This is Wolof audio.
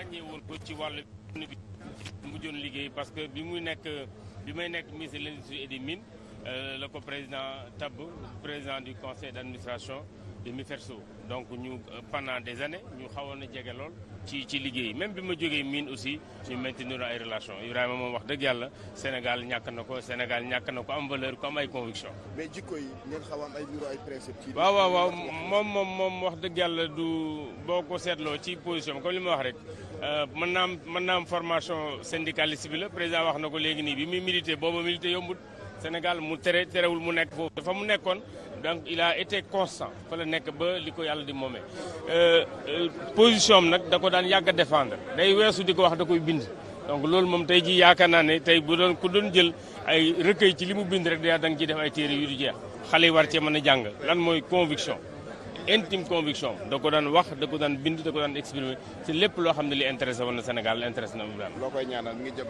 ràññee woon ko ci wàllu bi mujjoon liggéey parce que bi muy nekk bi may nekk ministre de l'industrie et des mines euh, la ko président tabb président du conseil d'administration de MIFERSO donc ñu euh, pendant des années ñu xawoon na jege lool ci ci liggéey même bi ma jógee miin aussi ñu maintenir ay relation Ibrahima moom wax dëgg yàlla Sénégal ñàkk na ko Sénégal ñàkk na ko am valeur ko am ay conviction mais jikko yi ngeen xaw am ay bureau ay principe. waaw waaw waaw moom moom moom wax dëgg yàlla du boo ko seetloo ci position comme li ma wax rek euh, mën naa mën naa am formation syndicaliste bi la président wax na ko léegi nii bi muy milité booba milité yombut. Sénégal mu tere terewul mu nekk foofu dafa mu nekkoon donc il a été constant fa la nekk ba li ko yàlla di moomee euh, euh, position nag da ko daan yàgg a défendre day weesu di ko wax da koy bind donc loolu moom tey jii yaakaar naa ne tey bu doon ku doon jël ay recueil ci li mu bind rek da nga ciy def ay téere yu du jeex xale yi war cee mën a jàng lan mooy conviction intime conviction da ko daan wax da ko daan bind da ko daan exprimer ci lépp loo xam ne li intéressé woon na Sénégal intéressé na mu daan. loo koy ñaanal mi ngi